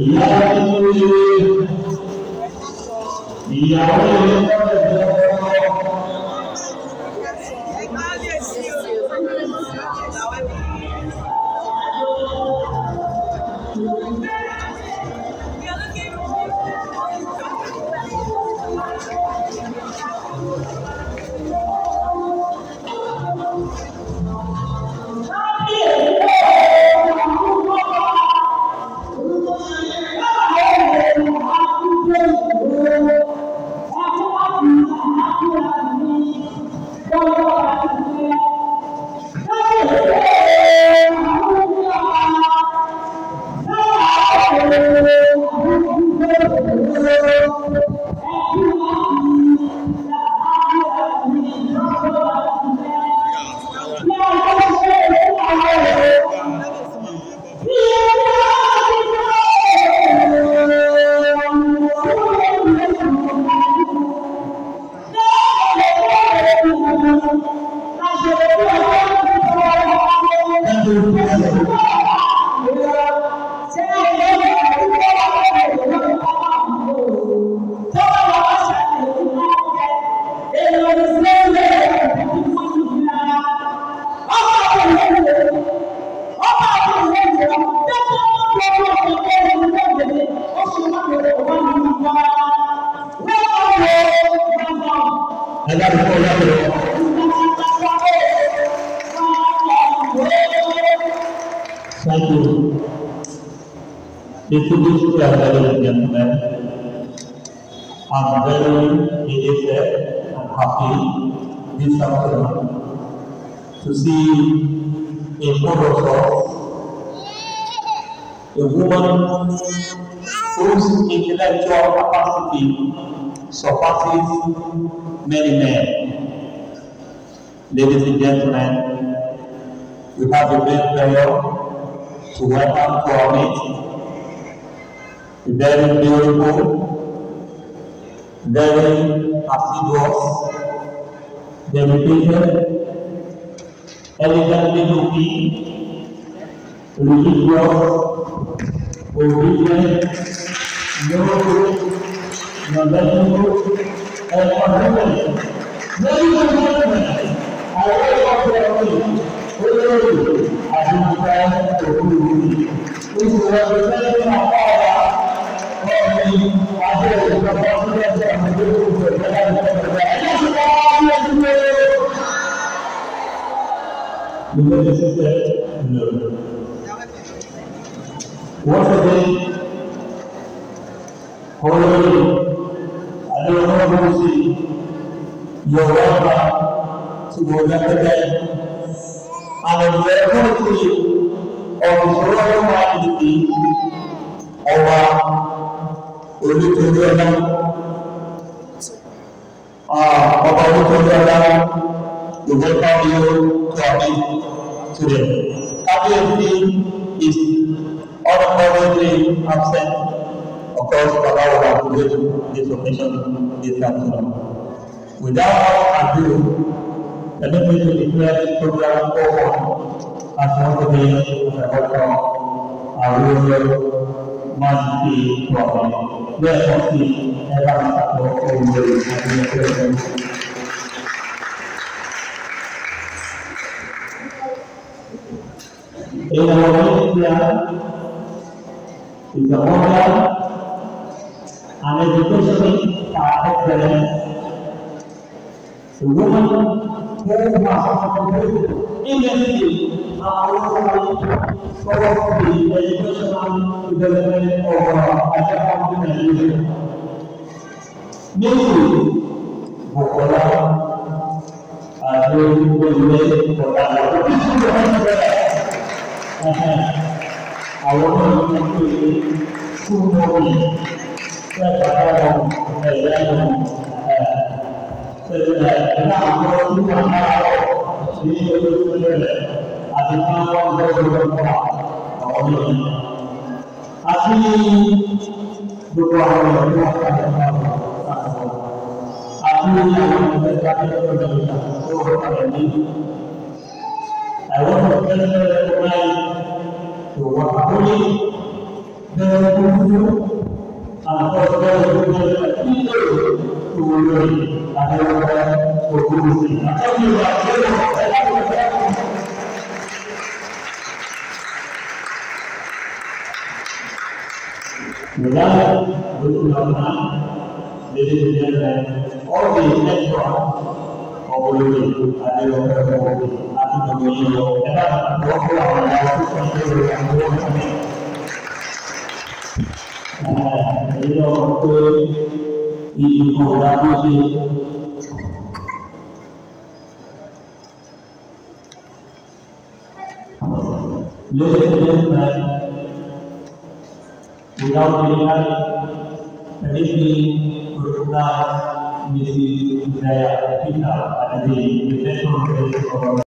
ìyàwó ìyàwó agar satu dituduhkan dari gentleman Abdul Idris Hafi di sana. to see a photo of a woman whose intellectual capacity surpasses many men. Ladies and gentlemen, we have a great pleasure to welcome to our meeting very beautiful, very assiduous, dedicated, elegantly looking, religious, obedient, noble, Once again, holy family, your welfare to your family. And the authority of the royal majesty ọba olùtọ́jú ọ̀la ọba olùtọ́jú ọ̀la ìwé káwé káwé today. Kábíyèsí is all of our ah, day absent. Of course, Baba would have created this Without ado, me to declare this program over as once again I welcome our ruler, Mass P. Prophet. Therefore, P. Evans Tato, Omuri, the President. In our a and education are excellent. The woman who was completed in the field are also for the educational development of African Nigeria. Mainly, Bukola are doing good for that. Àwọn ọmọ ìlú ń pè é fún ọmọ ìlú àti gbogbo àwọn ìlú àti àwọn ìlú àti àwọn ìlú tó wọ́pọ̀ ní àwọn ìpínlẹ̀ ẹ̀kọ́ láì tó wọ́pọ̀ ní bẹ́ẹ̀ gbogbo Negara betul betul jadi menjadi orang yang kuat, populer, ada yang berkuat, ada yang berkuat, ada yang berkuat, ada yang berkuat, ada yang berkuat, il eh, lotte, i morali. Listen, without real traditionally Krishna is the Pita and the presentation of